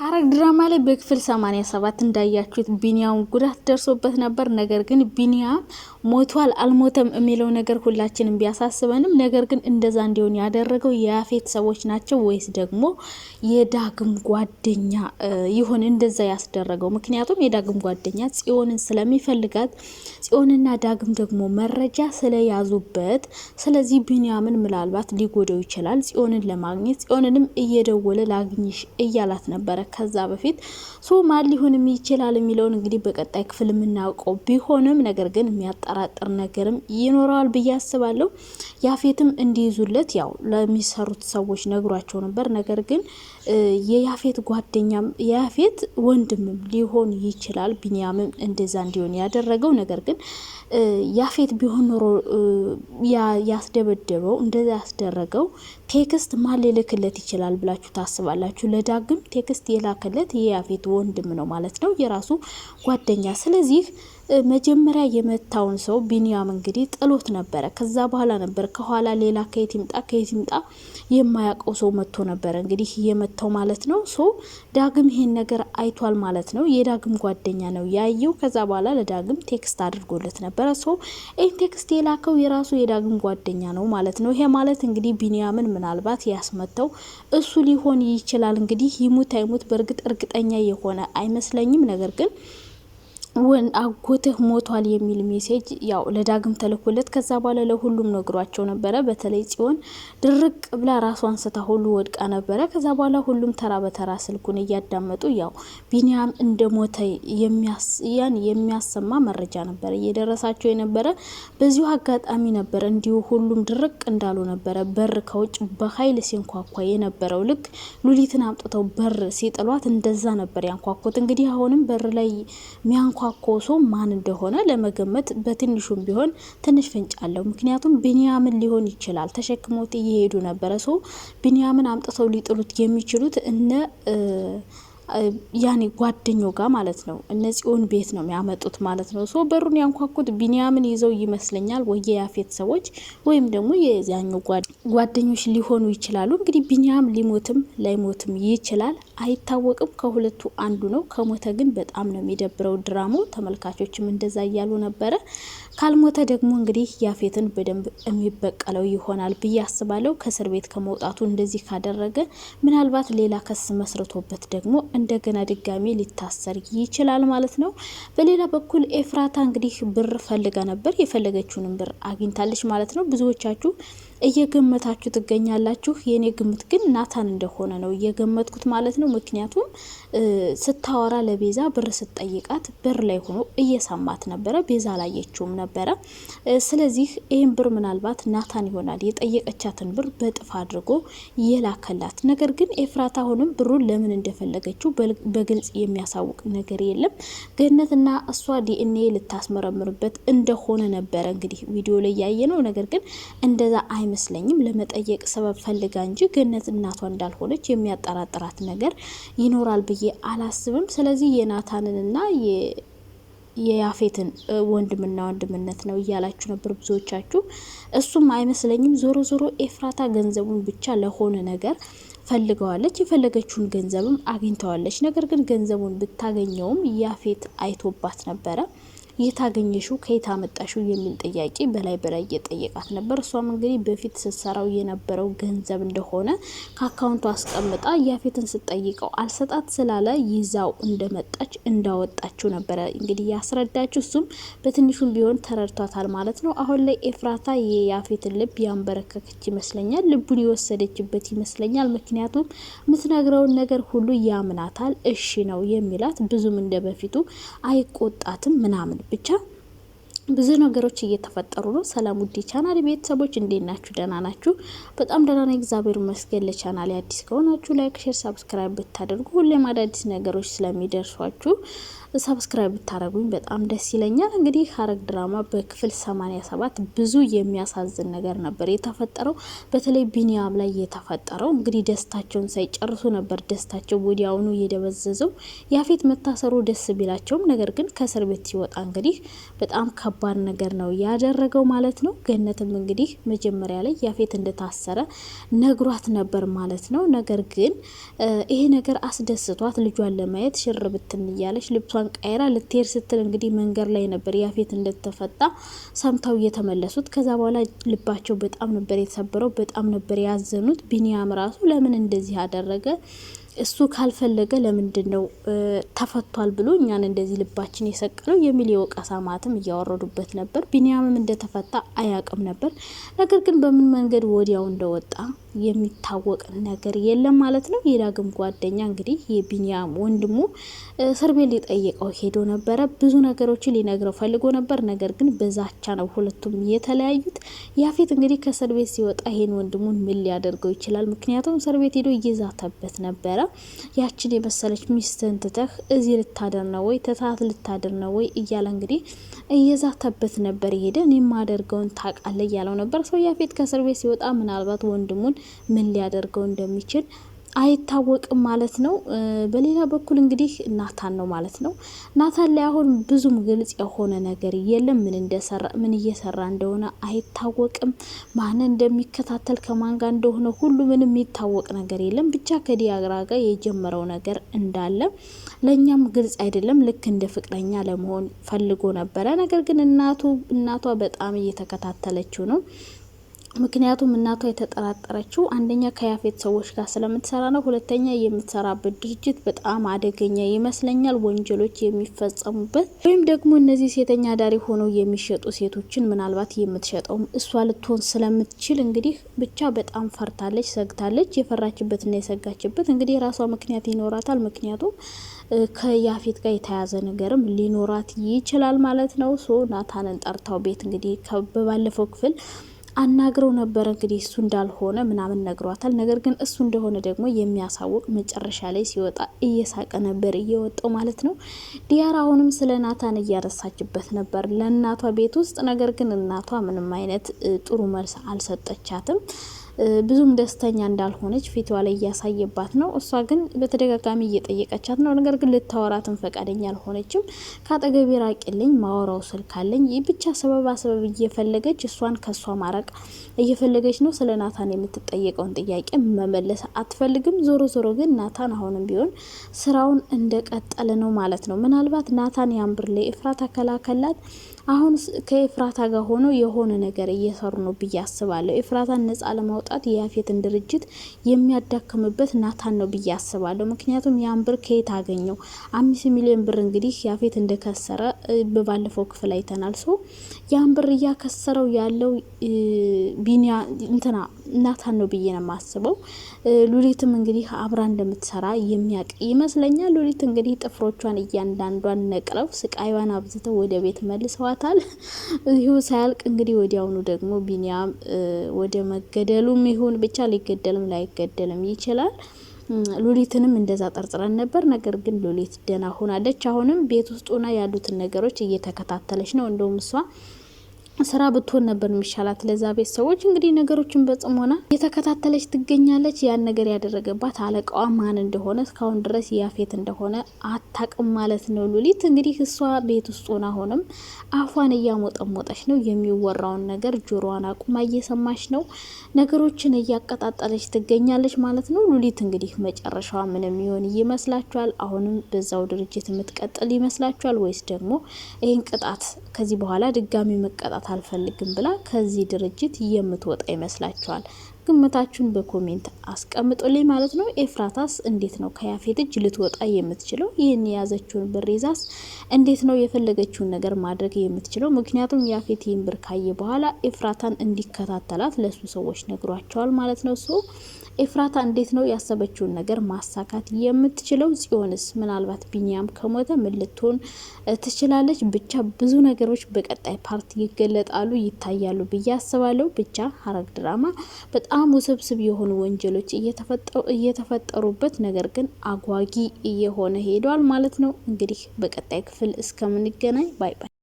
ሐረግ ድራማ ላይ በክፍል 87 እንዳያችሁት ቢኒያም ጉዳት ደርሶበት ነበር። ነገር ግን ቢኒያም ሞቷል አልሞተም የሚለው ነገር ሁላችንም ቢያሳስበንም፣ ነገር ግን እንደዛ እንዲሆን ያደረገው የያፌት ሰዎች ናቸው ወይስ ደግሞ የዳግም ጓደኛ ይሆን እንደዛ ያስደረገው? ምክንያቱም የዳግም ጓደኛ ጽዮንን ስለሚፈልጋት ጽዮንና ዳግም ደግሞ መረጃ ስለያዙበት፣ ስለዚህ ቢኒያምን ምናልባት ሊጎደው ይችላል። ጽዮንን ለማግኘት ጽዮንንም እየደወለ ላግኝሽ እያላት ነበረ ከዛ በፊት ሶ ማን ሊሆንም ይችላል የሚለውን እንግዲህ በቀጣይ ክፍል የምናውቀው ቢሆንም ነገር ግን የሚያጠራጥር ነገርም ይኖረዋል ብዬ አስባለሁ። ያፌትም እንዲይዙለት ያው ለሚሰሩት ሰዎች ነግሯቸው ነበር። ነገር ግን የያፌት ጓደኛም የያፌት ወንድምም ሊሆን ይችላል። ቢንያምም እንደዛ እንዲሆን ያደረገው ነገር ግን ያፌት ቢሆን ኖሮ ያስደበደበው እንደዛ ያስደረገው ቴክስት ማን ሊልክለት ይችላል ብላችሁ ታስባላችሁ? ለዳግም ቴክስት የላከለት የያፌት ወንድም ነው ማለት ነው፣ የራሱ ጓደኛ። ስለዚህ መጀመሪያ የመታውን ሰው ቢንያም እንግዲህ ጥሎት ነበረ። ከዛ በኋላ ነበር ከኋላ ሌላ ከየት ይምጣ ከየት ይምጣ የማያውቀው ሰው መጥቶ ነበረ እንግዲህ የመታው ማለት ነው። ሶ ዳግም ይሄን ነገር አይቷል ማለት ነው። የዳግም ጓደኛ ነው ያየው። ከዛ በኋላ ለዳግም ቴክስት አድርጎለት ነበረ። ሶ ይህን ቴክስት የላከው የራሱ የዳግም ጓደኛ ነው ማለት ነው። ይሄ ማለት እንግዲህ ቢንያምን ምናልባት ያስመታው እሱ ሊሆን ይችላል። እንግዲህ ይሙት አይሙት በእርግጥ እርግጠኛ የሆነ አይመስለኝም ነገር ግን ወን አጎትህ ሞቷል የሚል ሜሴጅ ያው ለዳግም ተልኮለት ከዛ በኋላ ለሁሉም ነግሯቸው ነበረ። በተለይ ጽዮን ድርቅ ብላ ራሷን ስታ ሁሉ ወድቃ ነበረ። ከዛ በኋላ ሁሉም ተራ በተራ ስልኩን እያዳመጡ ያው ቢኒያም እንደ ሞተ ያን የሚያሰማ መረጃ ነበረ እየደረሳቸው የነበረ። በዚሁ አጋጣሚ ነበረ እንዲሁ ሁሉም ድርቅ እንዳሉ ነበረ በር ከውጭ በኃይል ሲንኳኳ የነበረው። ልክ ሉሊትን አምጥተው በር ሲጥሏት እንደዛ ነበር ያንኳኩት። እንግዲህ አሁንም በር ላይ ሚያንኳ የተኳኮሱ ማን እንደሆነ ለመገመት በትንሹም ቢሆን ትንሽ ፍንጭ አለው። ምክንያቱም ቢንያምን ሊሆን ይችላል። ተሸክሞት እየሄዱ ነበረ። ሰው ቢንያምን አምጥተው ሊጥሉት የሚችሉት እነ ያኔ ጓደኛው ጋር ማለት ነው። እነጽዮን ቤት ነው ያመጡት ማለት ነው። ሶ በሩን ያንኳኩት ቢንያምን ይዘው ይመስለኛል፣ ወየ ያፌት ሰዎች ወይም ደግሞ የዚያኛው ጓደኞች ሊሆኑ ይችላሉ። እንግዲህ ቢንያም ሊሞትም ላይሞትም ይችላል። አይታወቅም። ከሁለቱ አንዱ ነው። ከሞተ ግን በጣም ነው የሚደብረው ድራሙ። ተመልካቾችም እንደዛ እያሉ ነበረ። ካልሞተ ደግሞ እንግዲህ ያፌትን በደንብ የሚበቀለው ይሆናል ብዬ አስባለሁ። ከእስር ቤት ከመውጣቱ እንደዚህ ካደረገ ምናልባት ሌላ ክስ መስርቶበት ደግሞ እንደገና ድጋሚ ሊታሰር ይችላል ማለት ነው። በሌላ በኩል ኤፍራታ እንግዲህ ብር ፈልጋ ነበር። የፈለገችውንም ብር አግኝታለች ማለት ነው። ብዙዎቻችሁ እየገመታችሁ ትገኛላችሁ። የእኔ ግምት ግን ናታን እንደሆነ ነው እየገመትኩት ማለት ነው። ምክንያቱም ስታወራ ለቤዛ ብር ስትጠይቃት በር ላይ ሆኖ እየሰማት ነበረ። ቤዛ አላየችውም ነበረ። ስለዚህ ይህን ብር ምናልባት ናታን ይሆናል የጠየቀቻትን ብር በጥፍ አድርጎ የላከላት። ነገር ግን ኤፍራት አሁንም ብሩን ለምን እንደፈለገችው በግልጽ የሚያሳውቅ ነገር የለም። ገነትና እሷ ዲኤንኤ ልታስመረምርበት እንደሆነ ነበረ እንግዲህ ቪዲዮ ላይ ያየ ነው። ነገር ግን እንደዛ አይ አይመስለኝም። ለመጠየቅ ሰበብ ፈልጋ እንጂ ገነት እናቷ እንዳልሆነች የሚያጠራጥራት ነገር ይኖራል ብዬ አላስብም። ስለዚህ የናታንንና የያፌትን ወንድምና ወንድምነት ነው እያላችሁ ነበር ብዙዎቻችሁ። እሱም አይመስለኝም። ዞሮ ዞሮ ኤፍራታ ገንዘቡን ብቻ ለሆነ ነገር ፈልገዋለች። የፈለገችውን ገንዘብም አግኝተዋለች። ነገር ግን ገንዘቡን ብታገኘውም ያፌት አይቶባት ነበረ። አገኘሽው ከየት አመጣሽው የሚል ጥያቄ በላይ በላይ እየጠየቃት ነበር። እሷም እንግዲህ በፊት ስትሰራው የነበረው ገንዘብ እንደሆነ ከአካውንቱ አስቀምጣ ያፌትን ስጠይቀው አልሰጣት ስላለ ይዛው እንደመጣች እንዳወጣችው ነበረ እንግዲህ ያስረዳችው። እሱም በትንሹም ቢሆን ተረድቷታል ማለት ነው። አሁን ላይ ኤፍራታ የያፌትን ልብ ያንበረከከች ይመስለኛል። ልቡን የወሰደችበት ይመስለኛል። ምክንያቱም የምትነግረውን ነገር ሁሉ ያምናታል። እሺ ነው የሚላት ብዙም እንደ በፊቱ አይቆጣትም ምናምን ብቻ ብዙ ነገሮች እየተፈጠሩ ነው። ሰላም ውዴ ቻናል ቤተሰቦች እንዴት ናችሁ? ደህና ናችሁ? በጣም ደህና ነኝ እግዚአብሔር ይመስገን። ለቻናል አዲስ ከሆናችሁ ላይክ፣ ሼር፣ ሰብስክራይብ ብታደርጉ ሁሌም አዳዲስ ነገሮች ስለሚደርሷችሁ ሰብስክራይብ ብታደረጉኝ በጣም ደስ ይለኛል። እንግዲህ ሐረግ ድራማ በክፍል 87 ብዙ የሚያሳዝን ነገር ነበር የተፈጠረው። በተለይ ቢኒያም ላይ የተፈጠረው እንግዲህ ደስታቸውን ሳይጨርሱ ነበር ደስታቸው ወዲያውኑ የደበዘዘው። ያፌት መታሰሩ ደስ ቢላቸውም ነገር ግን ከእስር ቤት ሲወጣ እንግዲህ በጣም ከ ከባድ ነገር ነው ያደረገው ማለት ነው። ገነትም እንግዲህ መጀመሪያ ላይ ያፌት እንደታሰረ ነግሯት ነበር ማለት ነው። ነገር ግን ይሄ ነገር አስደስቷት ልጇን ለማየት ሽር ብትን እያለች ልብሷን ቀይራ ልትሄድ ስትል እንግዲህ መንገድ ላይ ነበር ያፌት እንደተፈጣ ሰምተው እየተመለሱት። ከዛ በኋላ ልባቸው በጣም ነበር የተሰበረው፣ በጣም ነበር ያዘኑት። ቢኒያም ራሱ ለምን እንደዚህ አደረገ እሱ ካልፈለገ ለምንድን ነው ተፈቷል ብሎ እኛን እንደዚህ ልባችን የሰቀለው የሚል የወቀሳ ማትም እያወረዱበት ነበር። ቢኒያምም እንደተፈታ አያውቅም ነበር። ነገር ግን በምን መንገድ ወዲያው እንደወጣ የሚታወቅ ነገር የለም ማለት ነው። የዳግም ጓደኛ እንግዲህ የቢኒያም ወንድሙ እስር ቤት ሊጠየቀው ሄዶ ነበረ። ብዙ ነገሮችን ሊነግረው ፈልጎ ነበር። ነገር ግን በዛቻ ነው ሁለቱም የተለያዩት። ያፌት እንግዲህ ከእስር ቤት ሲወጣ ይሄን ወንድሙን ምን ሊያደርገው ይችላል? ምክንያቱም እስር ቤት ሄዶ እየዛተበት ነበረ። ያችን የመሰለች ሚስትን ትተህ እዚህ ልታደር ነው ወይ ትታት ልታደር ነው ወይ እያለ እንግዲህ እየዛተበት ነበር። ይሄደ እኔ የማደርገውን ታውቃለህ እያለው ነበር። ሰው ያፌት ከእስር ቤት ሲወጣ ምናልባት ወንድሙን ምን ሊያደርገው እንደሚችል አይታወቅም ማለት ነው። በሌላ በኩል እንግዲህ ናታን ነው ማለት ነው። ናታን ላይ አሁን ብዙም ግልጽ የሆነ ነገር የለም። ምን እንደሰራ ምን እየሰራ እንደሆነ አይታወቅም። ማን እንደሚከታተል ከማን ጋር እንደሆነ ሁሉ ምንም የሚታወቅ ነገር የለም። ብቻ ከዲያራ ጋር የጀመረው ነገር እንዳለ ለእኛም ግልጽ አይደለም። ልክ እንደ ፍቅረኛ ለመሆን ፈልጎ ነበረ። ነገር ግን እናቱ እናቷ በጣም እየተከታተለችው ነው ምክንያቱም እናቷ የተጠራጠረችው አንደኛ ከያፌት ሰዎች ጋር ስለምትሰራ ነው። ሁለተኛ የምትሰራበት ድርጅት በጣም አደገኛ ይመስለኛል። ወንጀሎች የሚፈጸሙበት ወይም ደግሞ እነዚህ ሴተኛ አዳሪ ሆነው የሚሸጡ ሴቶችን ምናልባት የምትሸጠውም እሷ ልትሆን ስለምትችል እንግዲህ ብቻ በጣም ፈርታለች፣ ሰግታለች። የፈራችበትና የሰጋችበት እንግዲህ የራሷ ምክንያት ይኖራታል። ምክንያቱም ከያፌት ጋር የተያዘ ነገርም ሊኖራት ይችላል ማለት ነው። ሶ ናታንን ጠርታው ቤት እንግዲህ በባለፈው ክፍል አናግረው ነበር እንግዲህ እሱ እንዳልሆነ ምናምን ነግሯታል። ነገር ግን እሱ እንደሆነ ደግሞ የሚያሳውቅ መጨረሻ ላይ ሲወጣ እየሳቀ ነበር እየወጣው ማለት ነው። ዲያራ አሁንም ስለ ናታን እያረሳችበት ነበር ለእናቷ ቤት ውስጥ ነገር ግን እናቷ ምንም አይነት ጥሩ መልስ አልሰጠቻትም። ብዙም ደስተኛ እንዳልሆነች ፊቷ ላይ እያሳየባት ነው። እሷ ግን በተደጋጋሚ እየጠየቀቻት ነው። ነገር ግን ልታወራትም ፈቃደኛ አልሆነችም። ከአጠገቤ ራቂልኝ፣ ማወራው ስልክ አለኝ። ብቻ ሰበብ አሰበብ እየፈለገች እሷን ከእሷ ማረቅ እየፈለገች ነው። ስለ ናታን የምትጠየቀውን ጥያቄ መመለስ አትፈልግም። ዞሮ ዞሮ ግን ናታን አሁንም ቢሆን ስራውን እንደቀጠለ ነው ማለት ነው። ምናልባት ናታን ያንብር ላይ እፍራት አከላከላት አሁን ከኤፍራታ ጋር ሆኖ የሆነ ነገር እየሰሩ ነው ብዬ አስባለሁ። ኤፍራታን ነጻ ለማውጣት የያፌትን ድርጅት የሚያዳክምበት ናታን ነው ብዬ አስባለሁ። ምክንያቱም ያን ብር ከየት አገኘው? አምስት ሚሊዮን ብር እንግዲህ ያፌት እንደከሰረ በባለፈው ክፍል አይተናል። ሶ ያን ብር እያከሰረው ያለው ቢኒያ እንትና ናታን ነው ብዬ ነው የማስበው። ሉሊትም እንግዲህ አብራ እንደምትሰራ የሚያቅ ይመስለኛል። ሉሊት እንግዲህ ጥፍሮቿን እያንዳንዷን ነቅለው ስቃይዋን አብዝተው ወደ ቤት መልሰዋታል። ይሁ ሳያልቅ እንግዲህ ወዲያውኑ ደግሞ ቢኒያም ወደ መገደሉም ይሁን ብቻ ሊገደልም ላይገደልም ይችላል። ሉሊትንም እንደዛ ጠርጥረን ነበር። ነገር ግን ሉሊት ደህና ሆናለች። አሁንም ቤት ውስጥ ያሉትን ነገሮች እየተከታተለች ነው። እንደውም እሷ ስራ ብትሆን ነበር የሚሻላት። ለዛ ቤት ሰዎች እንግዲህ ነገሮችን በጽሞና እየተከታተለች ትገኛለች። ያን ነገር ያደረገባት አለቃዋ ማን እንደሆነ እስካሁን ድረስ ያፌት እንደሆነ አታቅም ማለት ነው። ሉሊት እንግዲህ እሷ ቤት ውስጥ ሆና አሁንም አፏን እያሞጠሞጠች ነው። የሚወራውን ነገር ጆሮዋን አቁማ እየሰማች ነው። ነገሮችን እያቀጣጠለች ትገኛለች ማለት ነው። ሉሊት እንግዲህ መጨረሻዋ ምንም ይሆን ይመስላችኋል? አሁንም በዛው ድርጅት የምትቀጥል ይመስላችኋል? ወይስ ደግሞ ይህን ቅጣት ከዚህ በኋላ ድጋሚ መቀጣት መውጣት አልፈልግም ብላ ከዚህ ድርጅት የምትወጣ ይመስላችኋል? ግምታችሁን በኮሜንት አስቀምጡልኝ ማለት ነው። ኤፍራታስ እንዴት ነው ከያፌት እጅ ልትወጣ የምትችለው? ይህን የያዘችውን ብር ይዛስ እንዴት ነው የፈለገችውን ነገር ማድረግ የምትችለው? ምክንያቱም ያፌት ይህን ብር ካየ በኋላ ኤፍራታን እንዲከታተላት ለሱ ሰዎች ነግሯቸዋል ማለት ነው። ሰው ኤፍራታ እንዴት ነው ያሰበችውን ነገር ማሳካት የምትችለው? ጽዮንስ ምናልባት ቢኒያም ከሞተ ምን ልትሆን ትችላለች? ብቻ ብዙ ነገሮች በቀጣይ ፓርት ይገለጣሉ፣ ይታያሉ ብዬ አስባለሁ። ብቻ ሀረግ ድራማ በጣም በጣም ውስብስብ የሆኑ ወንጀሎች እየተፈጠሩበት ነገር ግን አጓጊ እየሆነ ሄዷል ማለት ነው። እንግዲህ በቀጣይ ክፍል እስከምንገናኝ ባይ ባይ።